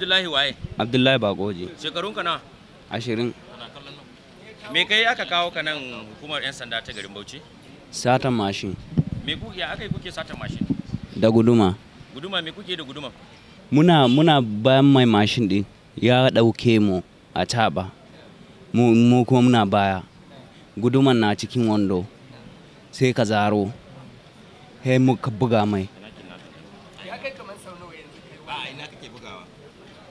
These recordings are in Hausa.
Abdullahi waye? Abdullahi Bako je. Shekarun ka nawa? Ashirin. Me kai aka kawo ka nan hukumar 'yan sanda ta garin Bauchi? Satan mashin. Me ku ya aka yi kuke satan mashin? Da guduma. Guduma me kuke da guduma? Muna muna bayan mai mashin din ya dauke mu a taba Mu mu kuma muna baya. Guduman na cikin wando. Sai ka zaro. He muka buga mai. Ya kai kamar sau nawa yanzu ba ina kake bugawa.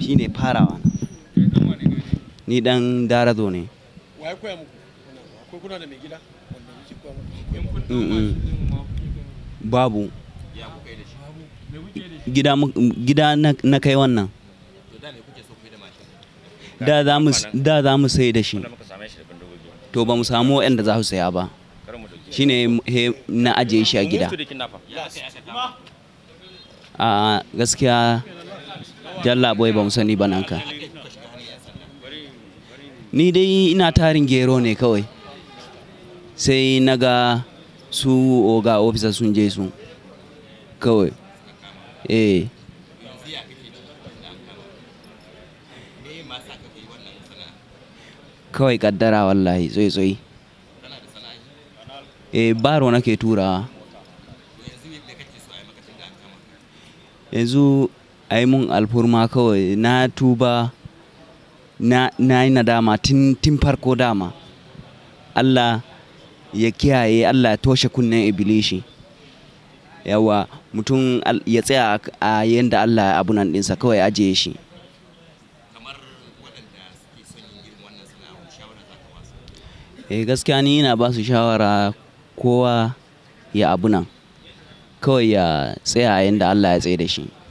shine farawa ni dan darazo ne wai muku kuna da mai gida babu gida gida na kai wannan da za mu sai da shi to ba mu samu waɗanda za su saya ba shine na ajiye shi a gida a gaskiya Jalla boy ba mu sani ba nan ka. Ni dai ina tarin gero ne kawai. Sai naga su oga officer sun je su. Kawai. Eh. Kawai kaddara wallahi zoi zoi. Eh baro nake turawa. Yanzu ai mun alfurma kawai na tuba na yi nadama tun farko dama allah ya kiyaye allah ya toshe kunnen ibilishi yawa mutum ya tsaya a yadda allah abu nan dinsa kawai ajiye shi eh gaskiya ni na ba su shawara kowa ya abu nan kawai ya tsaya a yadda allah ya tsaye da shi